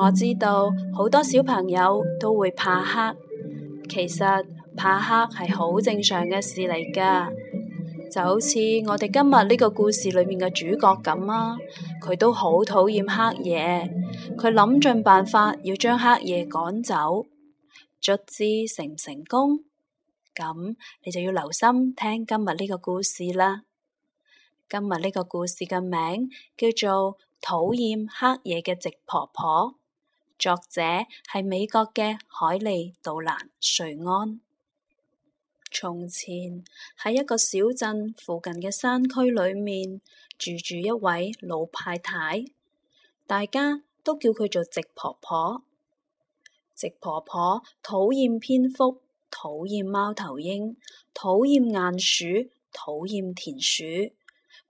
我知道好多小朋友都會怕黑，其實怕黑係好正常嘅事嚟噶。就好似我哋今日呢個故事裏面嘅主角咁啊，佢都好討厭黑夜，佢諗盡辦法要將黑夜趕走，卒之成唔成功？咁你就要留心聽今日呢個故事啦。今日呢個故事嘅名叫做《討厭黑夜嘅席婆婆》。作者係美國嘅海利杜蘭瑞安。從前喺一個小鎮附近嘅山區裏面住住一位老太太，大家都叫佢做席婆婆。席婆婆討厭蝙蝠，討厭貓頭鷹，討厭鼴鼠，討厭田鼠。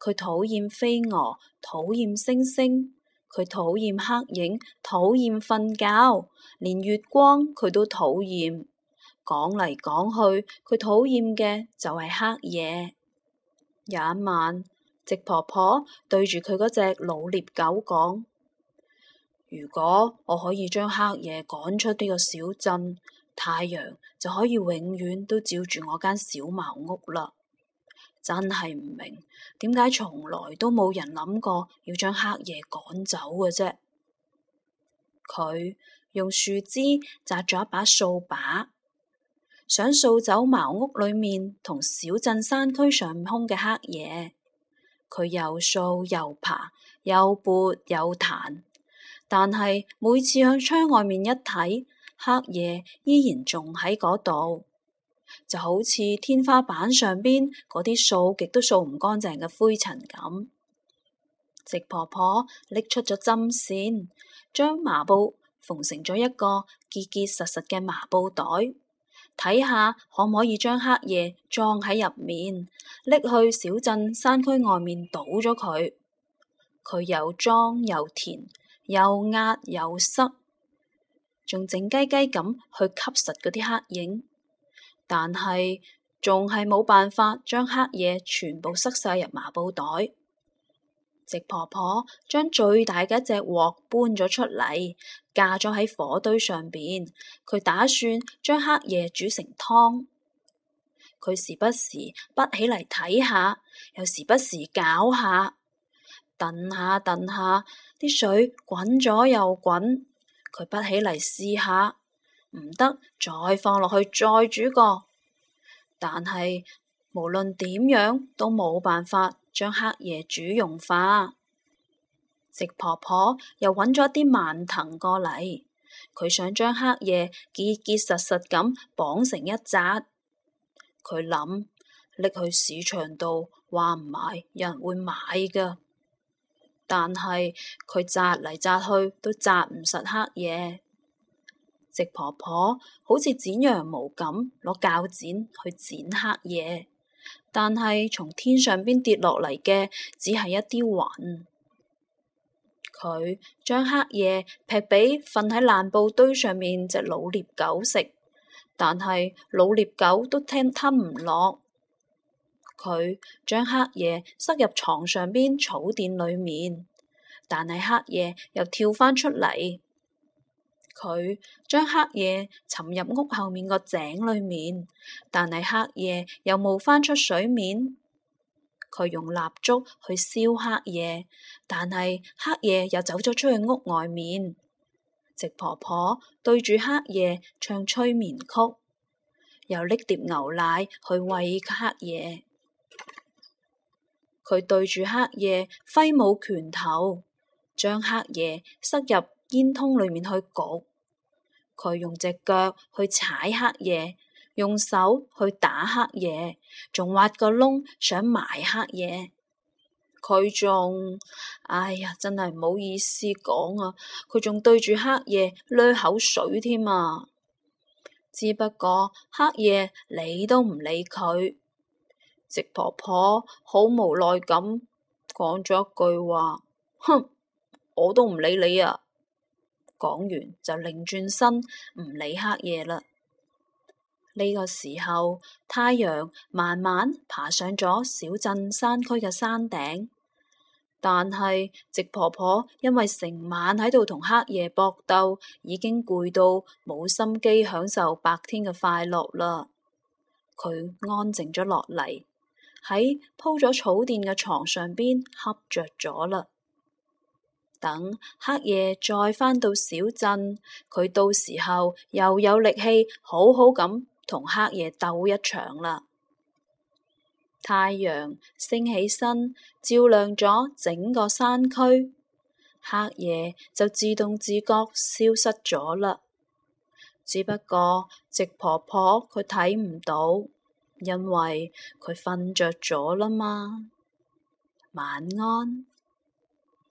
佢討厭飛蛾，討厭星星。佢討厭黑影，討厭瞓覺，連月光佢都討厭。講嚟講去，佢討厭嘅就係黑夜。有一晚，席婆婆對住佢嗰隻老獵狗講：如果我可以將黑夜趕出呢個小鎮，太陽就可以永遠都照住我間小茅屋啦。真係唔明，點解從來都冇人諗過要將黑夜趕走嘅啫？佢用樹枝紮咗一把掃把，想掃走茅屋裏面同小鎮山區上空嘅黑夜。佢又掃又爬，又撥又彈，但係每次向窗外面一睇，黑夜依然仲喺嗰度。就好似天花板上邊嗰啲掃極都掃唔乾淨嘅灰塵咁，席婆婆拎出咗針線，將麻布縫成咗一個結結實實嘅麻布袋，睇下可唔可以將黑夜裝喺入面，拎去小鎮山區外面倒咗佢。佢又裝又填，又壓又塞，仲靜雞雞咁去吸實嗰啲黑影。但係仲係冇辦法將黑夜全部塞晒入麻布袋，席婆婆將最大嘅一隻鑊搬咗出嚟，架咗喺火堆上邊。佢打算將黑夜煮成湯。佢時不時潷起嚟睇下，又時不時攪下、燉下、下、燉下，啲水滾咗又滾。佢潷起嚟試下。唔得，再放落去，再煮過。但係無論點樣，都冇辦法將黑夜煮融化。席婆婆又揾咗啲蔓藤過嚟，佢想將黑夜結結實實咁綁成一扎。佢諗拎去市場度，話唔買，有人會買噶。但係佢紮嚟紮去，都紮唔實黑夜。席婆婆好似剪羊毛咁，攞鉸剪去剪黑夜，但係從天上邊跌落嚟嘅只係一啲雲。佢將黑夜劈俾瞓喺爛布堆上面隻老獵狗食，但係老獵狗都聽吞唔落。佢將黑夜塞入床上邊草墊裏面，但係黑夜又跳返出嚟。佢將黑夜沉入屋後面個井裏面，但係黑夜又冇返出水面。佢用蠟燭去燒黑夜，但係黑夜又走咗出去屋外面。席婆婆對住黑夜唱催眠曲，又拎碟牛奶去餵黑夜。佢對住黑夜揮舞拳頭，將黑夜塞入煙通裏面去焗。佢用隻腳去踩黑夜，用手去打黑夜，仲挖個窿想埋黑夜。佢仲哎呀，真係唔好意思講啊！佢仲對住黑夜，咧口水添啊！只不過黑夜你都理都唔理佢，席婆婆好無奈咁講咗句話：哼，我都唔理你啊！講完就擰轉身，唔理黑夜啦。呢個時候，太陽慢慢爬上咗小鎮山區嘅山頂，但係席婆婆因為成晚喺度同黑夜搏鬥，已經攰到冇心機享受白天嘅快樂啦。佢安靜咗落嚟，喺鋪咗草墊嘅床上邊瞌着咗啦。等黑夜再返到小鎮，佢到時候又有力氣好好咁同黑夜鬥一場啦。太陽升起身，照亮咗整個山區，黑夜就自動自覺消失咗啦。只不過席婆婆佢睇唔到，因為佢瞓着咗啦嘛。晚安。